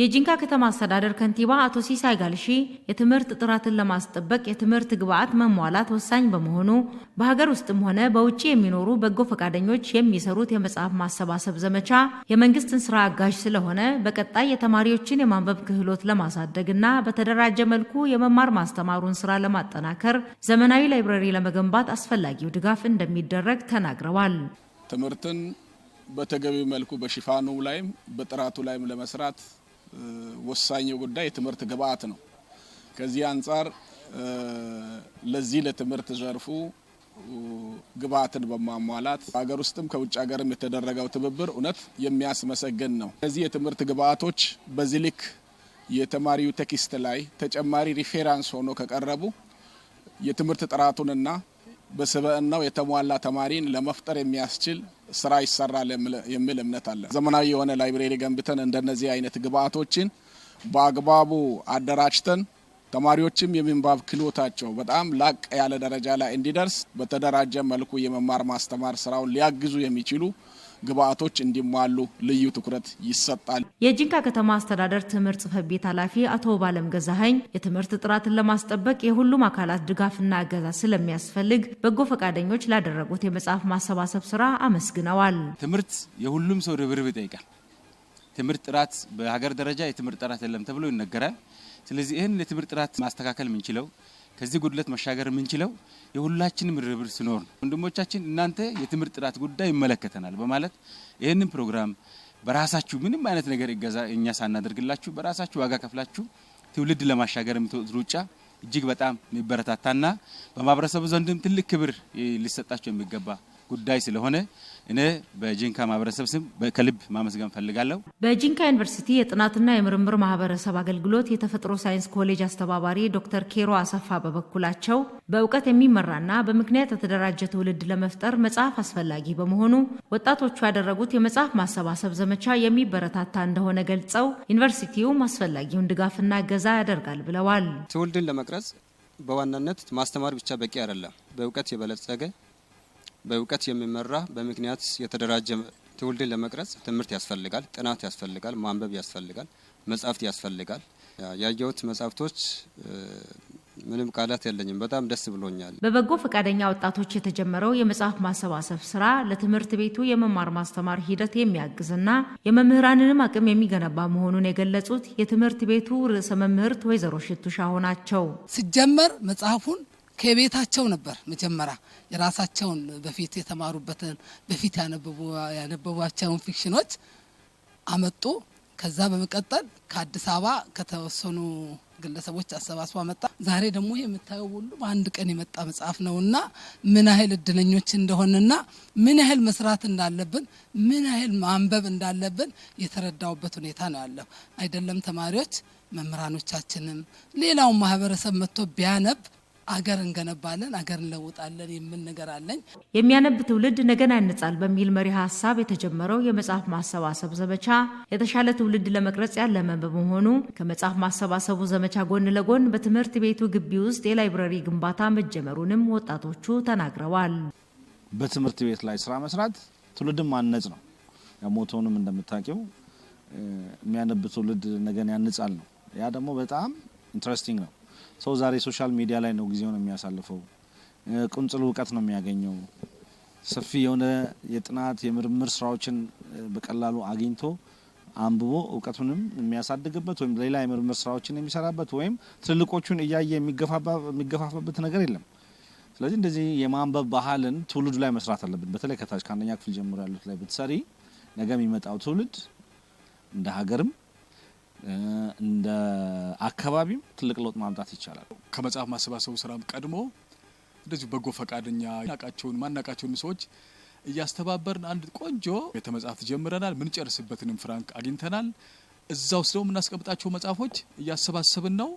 የጂንካ ከተማ አስተዳደር ከንቲባ አቶ ሲሳይ ጋልሺ የትምህርት ጥራትን ለማስጠበቅ የትምህርት ግብዓት መሟላት ወሳኝ በመሆኑ በሀገር ውስጥም ሆነ በውጭ የሚኖሩ በጎ ፈቃደኞች የሚሰሩት የመጽሐፍ ማሰባሰብ ዘመቻ የመንግስትን ስራ አጋዥ ስለሆነ በቀጣይ የተማሪዎችን የማንበብ ክህሎት ለማሳደግ እና በተደራጀ መልኩ የመማር ማስተማሩን ስራ ለማጠናከር ዘመናዊ ላይብረሪ ለመገንባት አስፈላጊው ድጋፍ እንደሚደረግ ተናግረዋል። ትምህርትን በተገቢው መልኩ በሽፋኑ ላይም በጥራቱ ላይም ለመስራት ወሳኝ ጉዳይ የትምህርት ግብዓት ነው። ከዚህ አንጻር ለዚህ ለትምህርት ዘርፉ ግብዓትን በማሟላት ሀገር ውስጥም ከውጭ ሀገርም የተደረገው ትብብር እውነት የሚያስመሰግን ነው። እነዚህ የትምህርት ግብዓቶች በዚህ ልክ የተማሪው ቴክስት ላይ ተጨማሪ ሪፌራንስ ሆኖ ከቀረቡ የትምህርት ጥራቱንና በስብዕናው የተሟላ ተማሪን ለመፍጠር የሚያስችል ስራ ይሰራል የሚል እምነት አለ። ዘመናዊ የሆነ ላይብሬሪ ገንብተን እንደነዚህ አይነት ግብአቶችን በአግባቡ አደራጅተን ተማሪዎችም የምንባብ ክህሎታቸው በጣም ላቅ ያለ ደረጃ ላይ እንዲደርስ በተደራጀ መልኩ የመማር ማስተማር ስራውን ሊያግዙ የሚችሉ ግብአቶች እንዲሟሉ ልዩ ትኩረት ይሰጣል። የጂንካ ከተማ አስተዳደር ትምህርት ጽህፈት ቤት ኃላፊ አቶ ባለም ገዛኸኝ የትምህርት ጥራትን ለማስጠበቅ የሁሉም አካላት ድጋፍና እገዛ ስለሚያስፈልግ በጎ ፈቃደኞች ላደረጉት የመጽሐፍ ማሰባሰብ ስራ አመስግነዋል። ትምህርት የሁሉም ሰው ርብርብ ይጠይቃል። ትምህርት ጥራት በሀገር ደረጃ የትምህርት ጥራት የለም ተብሎ ይነገራል። ስለዚህ ይህን የትምህርት ጥራት ማስተካከል የምንችለው ከዚህ ጉድለት መሻገር የምንችለው የሁላችንም ርብርብ ሲኖር ነው። ወንድሞቻችን እናንተ የትምህርት ጥራት ጉዳይ ይመለከተናል በማለት ይህንን ፕሮግራም በራሳችሁ ምንም አይነት ነገር እገዛ እኛ ሳናደርግላችሁ በራሳችሁ ዋጋ ከፍላችሁ ትውልድ ለማሻገር የምትወጡት ሩጫ እጅግ በጣም የሚበረታታና በማህበረሰቡ ዘንድም ትልቅ ክብር ሊሰጣቸው የሚገባ ጉዳይ ስለሆነ እኔ በጂንካ ማህበረሰብ ስም ከልብ ማመስገን ፈልጋለሁ። በጂንካ ዩኒቨርሲቲ የጥናትና የምርምር ማህበረሰብ አገልግሎት የተፈጥሮ ሳይንስ ኮሌጅ አስተባባሪ ዶክተር ኬሮ አሰፋ በበኩላቸው በእውቀት የሚመራና በምክንያት የተደራጀ ትውልድ ለመፍጠር መጽሐፍ አስፈላጊ በመሆኑ ወጣቶቹ ያደረጉት የመጽሐፍ ማሰባሰብ ዘመቻ የሚበረታታ እንደሆነ ገልጸው ዩኒቨርሲቲውም አስፈላጊውን ድጋፍና እገዛ ያደርጋል ብለዋል። ትውልድን ለመቅረጽ በዋናነት ማስተማር ብቻ በቂ አይደለም። በእውቀት የበለጸገ በእውቀት የሚመራ በምክንያት የተደራጀ ትውልድን ለመቅረጽ ትምህርት ያስፈልጋል፣ ጥናት ያስፈልጋል፣ ማንበብ ያስፈልጋል፣ መጻፍት ያስፈልጋል። ያየሁት መጽሐፍቶች ምንም ቃላት የለኝም። በጣም ደስ ብሎኛል። በበጎ ፈቃደኛ ወጣቶች የተጀመረው የመጽሐፍ ማሰባሰብ ስራ ለትምህርት ቤቱ የመማር ማስተማር ሂደት የሚያግዝና የመምህራንንም አቅም የሚገነባ መሆኑን የገለጹት የትምህርት ቤቱ ርዕሰ መምህርት ወይዘሮ ሽቱሻሁ ናቸው። ሲጀመር መጽሐፉን ከቤታቸው ነበር መጀመሪያ የራሳቸውን በፊት የተማሩበትን በፊት ያነበቧቸውን ፊክሽኖች አመጡ። ከዛ በመቀጠል ከአዲስ አበባ ከተወሰኑ ግለሰቦች አሰባስባ መጣ። ዛሬ ደግሞ የምታየው ሁሉ በአንድ ቀን የመጣ መጽሐፍ እና ምን ያህል እድለኞች እንደሆንና ምን ያህል መስራት እንዳለብን ምን ያህል ማንበብ እንዳለብን የተረዳውበት ሁኔታ ነው ያለው። አይደለም ተማሪዎች፣ መምህራኖቻችንም ሌላውን ማህበረሰብ መጥቶ ቢያነብ አገር እንገነባለን፣ አገር እንለውጣለን የሚል ነገር አለኝ። የሚያነብ ትውልድ ነገን ያንጻል በሚል መሪ ሀሳብ የተጀመረው የመጽሐፍ ማሰባሰብ ዘመቻ የተሻለ ትውልድ ለመቅረጽ ያለመ በመሆኑ ከመጽሐፍ ማሰባሰቡ ዘመቻ ጎን ለጎን በትምህርት ቤቱ ግቢ ውስጥ የላይብረሪ ግንባታ መጀመሩንም ወጣቶቹ ተናግረዋል። በትምህርት ቤት ላይ ስራ መስራት ትውልድን ማነጽ ነው። ሞቶንም እንደምታውቂው የሚያነብ ትውልድ ነገን ያንጻል ነው። ያ ደግሞ በጣም ኢንትረስቲንግ ነው። ሰው ዛሬ ሶሻል ሚዲያ ላይ ነው ጊዜውን የሚያሳልፈው። ቁንጽል እውቀት ነው የሚያገኘው። ሰፊ የሆነ የጥናት የምርምር ስራዎችን በቀላሉ አግኝቶ አንብቦ እውቀቱንም የሚያሳድግበት ወይም ሌላ የምርምር ስራዎችን የሚሰራበት ወይም ትልልቆቹን እያየ የሚገፋፋበት ነገር የለም። ስለዚህ እንደዚህ የማንበብ ባህልን ትውልዱ ላይ መስራት አለብን። በተለይ ከታች ከአንደኛ ክፍል ጀምሮ ያሉት ላይ ብትሰሪ ነገ የሚመጣው ትውልድ እንደ ሀገርም እንደ አካባቢም ትልቅ ለውጥ ማምጣት ይቻላል። ከመጽሐፍ ማሰባሰቡ ስራም ቀድሞ እንደዚሁ በጎ ፈቃደኛ ናቃቸውን ማናቃቸውን ሰዎች እያስተባበርን አንድ ቆንጆ ቤተ መጽሐፍት ጀምረናል። ምንጨርስበትንም ፍራንክ አግኝተናል። እዛ ውስጥ ደግሞ የምናስቀምጣቸው መጽሐፎች እያሰባሰብን ነው።